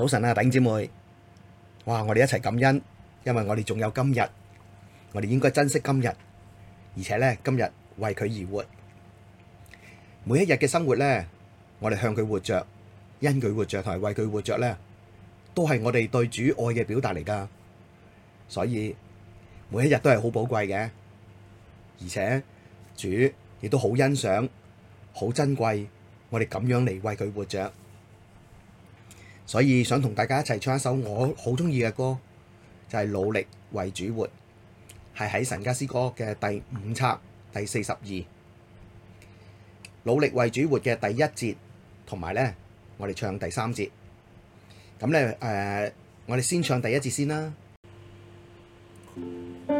早晨啊，弟兄姊妹，哇！我哋一齊感恩，因為我哋仲有今日，我哋應該珍惜今日，而且咧今日為佢而活，每一日嘅生活咧，我哋向佢活着，因佢活着同埋為佢活着咧，都係我哋對主愛嘅表達嚟噶。所以每一日都係好寶貴嘅，而且主亦都好欣賞、好珍貴，我哋咁樣嚟為佢活着。所以想同大家一齊唱一首我好鍾意嘅歌，就係、是《努力為主活》，係喺神家詩歌嘅第五冊第四十二《努力為主活》嘅第一節，同埋呢，我哋唱第三節。咁呢，誒、呃，我哋先唱第一節先啦。嗯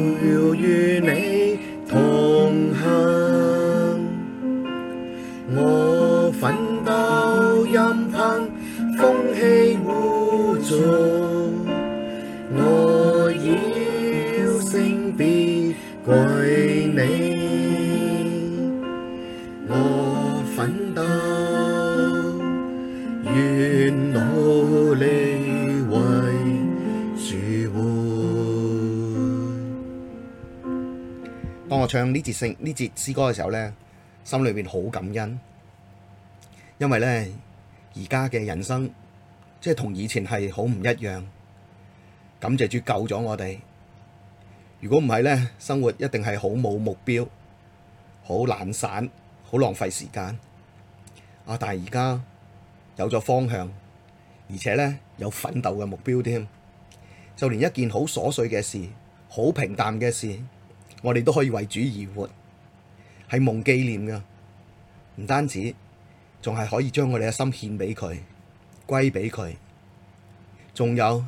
我奮鬥，願努力為主活。當我唱呢節詩，呢節詩歌嘅時候咧，心裏面好感恩，因為咧，而家嘅人生即係同以前係好唔一樣。感謝主救咗我哋，如果唔係咧，生活一定係好冇目標，好懶散。好浪費時間啊！但係而家有咗方向，而且咧有奮鬥嘅目標添。就連一件好瑣碎嘅事、好平淡嘅事，我哋都可以為主而活，係蒙記念嘅。唔單止，仲係可以將我哋嘅心獻俾佢、歸俾佢。仲有，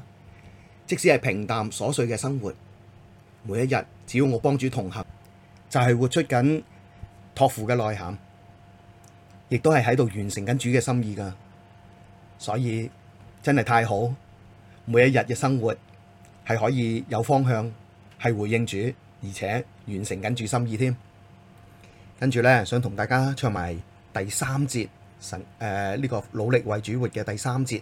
即使係平淡瑣碎嘅生活，每一日只要我幫主同行，就係、是、活出緊。託付嘅內涵，亦都係喺度完成緊主嘅心意㗎，所以真係太好，每一日嘅生活係可以有方向，係回應主，而且完成緊主心意添。跟住咧，想同大家唱埋第三節神誒呢個努力為主活嘅第三節。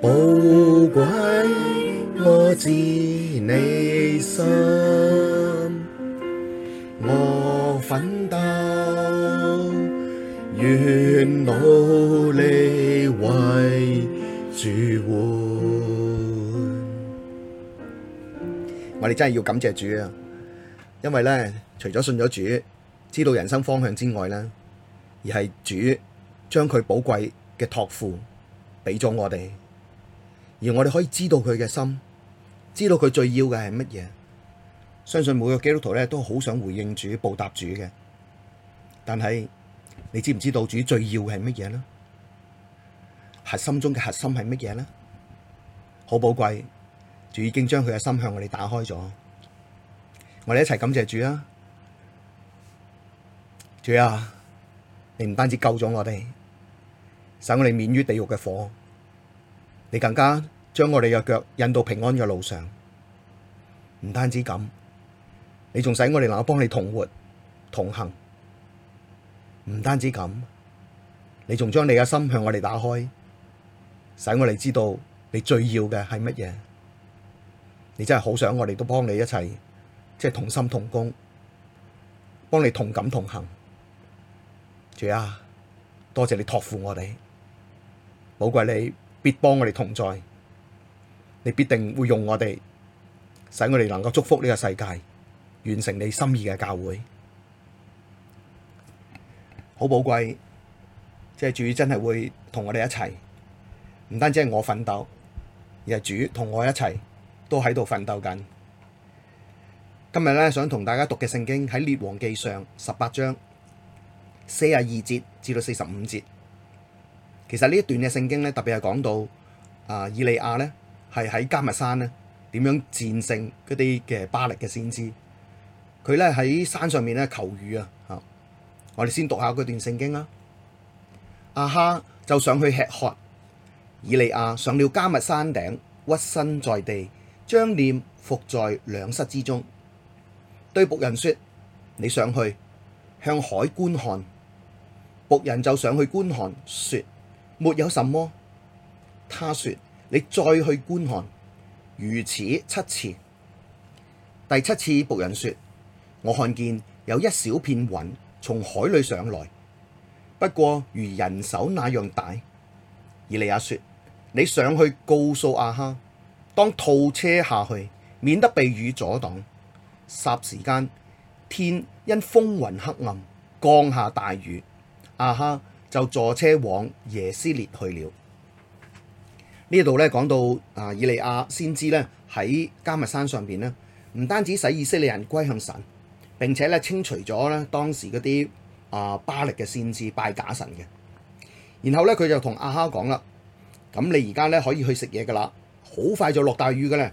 寶貴我知你心，我奮鬥願努力為主活。我哋真係要感謝主啊！因為咧，除咗信咗主，知道人生方向之外咧，而係主將佢寶貴。嘅託付畀咗我哋，而我哋可以知道佢嘅心，知道佢最要嘅係乜嘢。相信每個基督徒咧都好想回應主、報答主嘅，但係你知唔知道主最要嘅係乜嘢呢？核心中嘅核心係乜嘢呢？好寶貴，主已經將佢嘅心向我哋打開咗。我哋一齊感謝主啊！主啊，你唔單止救咗我哋，使我哋免於地獄嘅火，你更加將我哋嘅腳引到平安嘅路上。唔單止咁，你仲使我哋能夠幫你同活、同行。唔單止咁，你仲將你嘅心向我哋打開，使我哋知道你最要嘅係乜嘢。你真係好想我哋都幫你一齊，即係同心同工，幫你同感同行。主啊，多謝你託付我哋。寶貴，你必幫我哋同在，你必定會用我哋，使我哋能夠祝福呢個世界，完成你心意嘅教會，好寶貴，即係主真係會同我哋一齊，唔單止係我奮鬥，而係主同我一齊都喺度奮鬥緊。今日咧想同大家讀嘅聖經喺列王記上十八章四十二節至到四十五節。其實呢一段嘅聖經咧，特別係講到啊，以利亞咧係喺迦密山咧點樣戰勝嗰啲嘅巴力嘅先知。佢咧喺山上面咧求雨啊！我哋先讀下嗰段聖經啦。亞哈就上去吃喝，以利亞上了迦密山頂，屈身在地，將臉伏在兩膝之中，對僕人說：你上去向海觀看。僕人就上去觀看，說。沒有什麼，他說：你再去觀看，如此七次。第七次僕人說：我看見有一小片雲從海裡上來，不過如人手那樣大。以利亞說：你上去告訴亞哈，當套車下去，免得被雨阻擋。霎時間，天因風雲黑暗，降下大雨。亞哈。就坐車往耶斯列去了。呢度咧講到啊，以利亞先知咧喺加密山上邊呢，唔單止使以色列人歸向神，並且咧清除咗咧當時嗰啲啊巴力嘅先知、拜假神嘅。然後咧佢就同阿哈講啦：咁、嗯、你而家咧可以去食嘢噶啦，好快就落大雨嘅咧。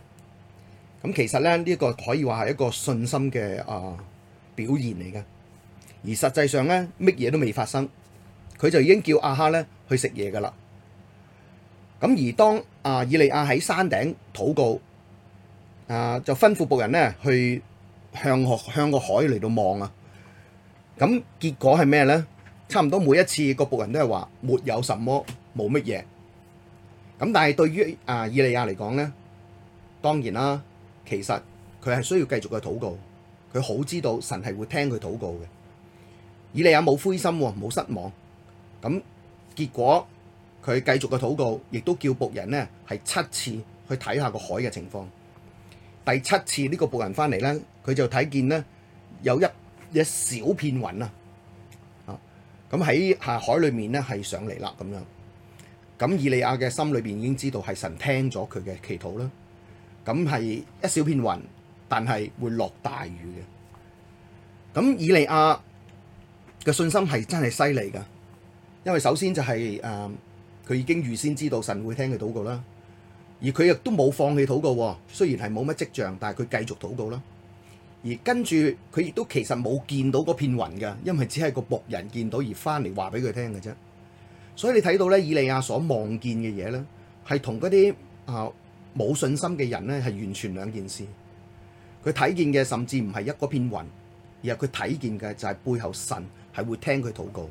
咁、嗯、其實咧呢一、這個可以話係一個信心嘅啊、呃、表現嚟嘅，而實際上咧乜嘢都未發生。佢就已經叫亞哈咧去食嘢噶啦。咁而當阿、啊、以利亞喺山頂禱告，啊就吩咐僕人咧去向向個海嚟到望啊。咁、啊、結果係咩呢？差唔多每一次個僕人都係話沒有什麼，冇乜嘢。咁、啊、但係對於阿、啊、以利亞嚟講呢，當然啦，其實佢係需要繼續去禱告。佢好知道神係會聽佢禱告嘅。以利亞冇灰心、啊，冇失望。咁結果佢繼續嘅禱告，亦都叫僕人呢係七次去睇下個海嘅情況。第七次呢、呢個僕人翻嚟呢，佢就睇見呢有一一小片雲啊，啊咁喺下海裏面呢係上嚟啦咁樣。咁以利亞嘅心裏邊已經知道係神聽咗佢嘅祈禱啦。咁係一小片雲，但係會落大雨嘅。咁、啊、以利亞嘅、啊啊、信心係真係犀利噶。因為首先就係、是、誒，佢、呃、已經預先知道神會聽佢禱告啦，而佢亦都冇放棄禱告，雖然係冇乜跡象，但係佢繼續禱告啦。而跟住佢亦都其實冇見到嗰片雲嘅，因為只係個僕人見到而翻嚟話俾佢聽嘅啫。所以你睇到咧，以利亞所望見嘅嘢咧，係同嗰啲啊冇信心嘅人咧係完全兩件事。佢睇見嘅甚至唔係一個片雲，而係佢睇見嘅就係背後神係會聽佢禱告。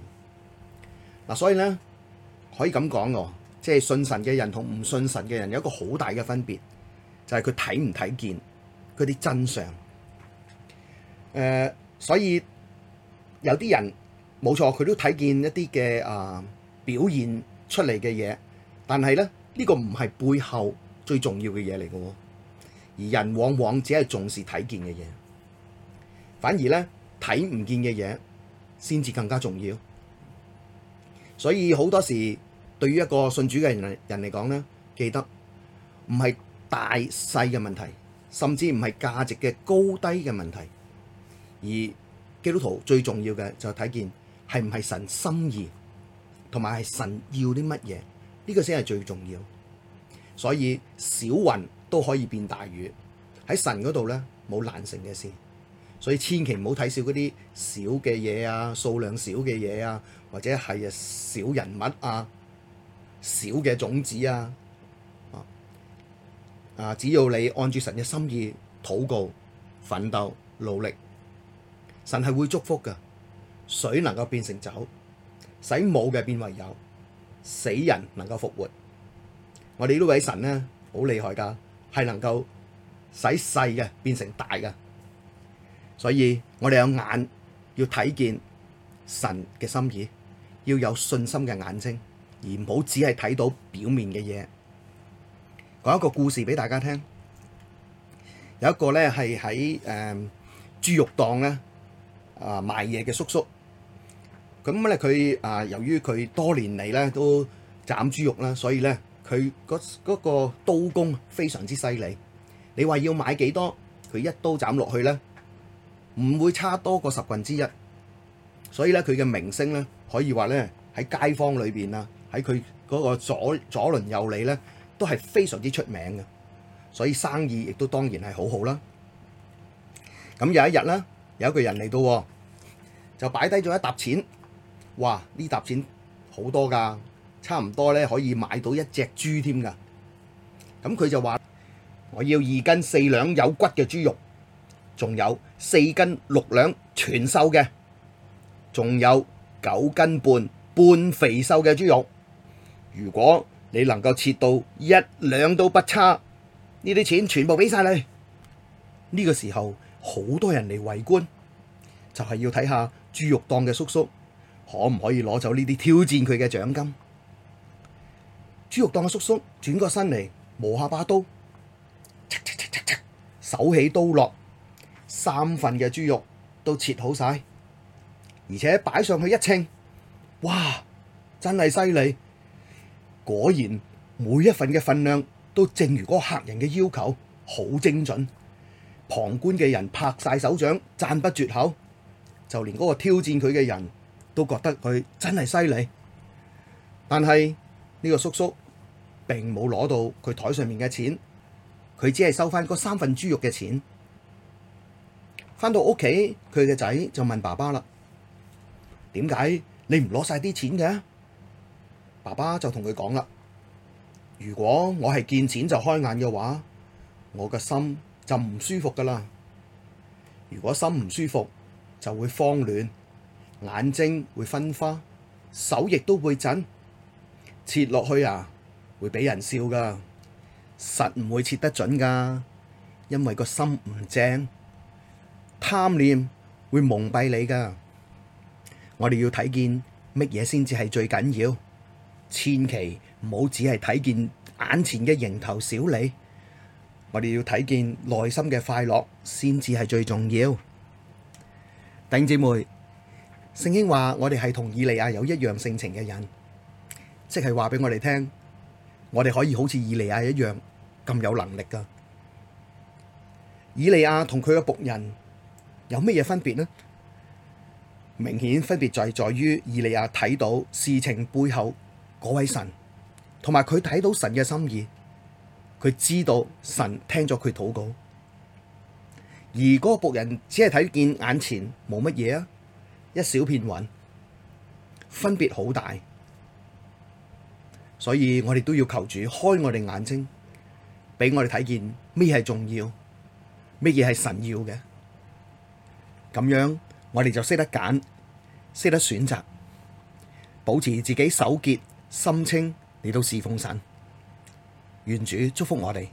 嗱，所以咧可以咁講喎，即係信神嘅人同唔信神嘅人有一個好大嘅分別，就係佢睇唔睇見佢啲真相。誒、呃，所以有啲人冇錯，佢都睇見一啲嘅啊表現出嚟嘅嘢，但係咧呢、呢個唔係背後最重要嘅嘢嚟嘅喎，而人往往只係重視睇見嘅嘢，反而咧睇唔見嘅嘢先至更加重要。所以好多時，對於一個信主嘅人人嚟講咧，記得唔係大細嘅問題，甚至唔係價值嘅高低嘅問題，而基督徒最重要嘅就係睇見係唔係神心意，同埋係神要啲乜嘢，呢個先係最重要。所以小雲都可以變大雨，喺神嗰度咧冇難成嘅事。所以千祈唔好睇小嗰啲少嘅嘢啊，數量少嘅嘢啊，或者係啊小人物啊、小嘅種子啊，啊，只要你按住神嘅心意禱告、奮鬥、努力，神係會祝福㗎。水能夠變成酒，使冇嘅變為有，死人能夠復活。我哋呢位神咧好厲害㗎，係能夠使細嘅變成大嘅。所以我哋有眼要睇見神嘅心意，要有信心嘅眼睛，而唔好只係睇到表面嘅嘢。講一個故事俾大家聽，有一個咧係喺誒豬肉檔咧啊賣嘢嘅叔叔，咁咧佢啊由於佢多年嚟咧都斬豬肉啦，所以咧佢嗰個刀工非常之犀利。你話要買幾多，佢一刀斬落去咧。唔會差多過十分之一，所以咧佢嘅名聲咧可以話咧喺街坊裏邊啊，喺佢嗰個左左鄰右里咧都係非常之出名嘅，所以生意亦都當然係好好啦。咁有一日咧，有一個人嚟到，就擺低咗一疊錢，哇！呢疊錢好多㗎，差唔多咧可以買到一隻豬添㗎。咁佢就話：我要二斤四兩有骨嘅豬肉。仲有四斤六兩全瘦嘅，仲有九斤半半肥瘦嘅豬肉。如果你能夠切到一兩都不差，呢啲錢全部俾晒你。呢、這個時候好多人嚟圍觀，就係、是、要睇下豬肉檔嘅叔叔可唔可以攞走呢啲挑戰佢嘅獎金。豬肉檔嘅叔叔轉個身嚟，磨下把刀，手起刀落。三份嘅豬肉都切好晒，而且擺上去一稱，哇！真係犀利，果然每一份嘅份量都正如嗰個客人嘅要求，好精準。旁觀嘅人拍晒手掌，讚不絕口，就連嗰個挑戰佢嘅人都覺得佢真係犀利。但係呢個叔叔並冇攞到佢台上面嘅錢，佢只係收翻嗰三份豬肉嘅錢。返到屋企，佢嘅仔就問爸爸啦：點解你唔攞晒啲錢嘅？爸爸就同佢講啦：如果我係見錢就開眼嘅話，我個心就唔舒服㗎啦。如果心唔舒服，就會慌亂，眼睛會分花，手亦都會震。切落去啊，會畀人笑㗎，實唔會切得準㗎，因為個心唔正。貪念會蒙蔽你噶，我哋要睇見乜嘢先至係最緊要，千祈唔好只係睇見眼前嘅蠅頭小利，我哋要睇見內心嘅快樂先至係最重要。弟姊妹，聖經話我哋係同以利亞有一樣性情嘅人，即係話俾我哋聽，我哋可以好似以利亞一樣咁有能力噶。以利亞同佢嘅僕人。有乜嘢分別呢？明顯分別就係在於，以利亞睇到事情背後嗰位神，同埋佢睇到神嘅心意，佢知道神聽咗佢禱告，而嗰個僕人只係睇見眼前冇乜嘢啊，一小片雲，分別好大，所以我哋都要求主開我哋眼睛，俾我哋睇見咩係重要，乜嘢係神要嘅。咁樣，我哋就識得揀，識得選擇，保持自己手潔心清，你都侍奉神。願主祝福我哋。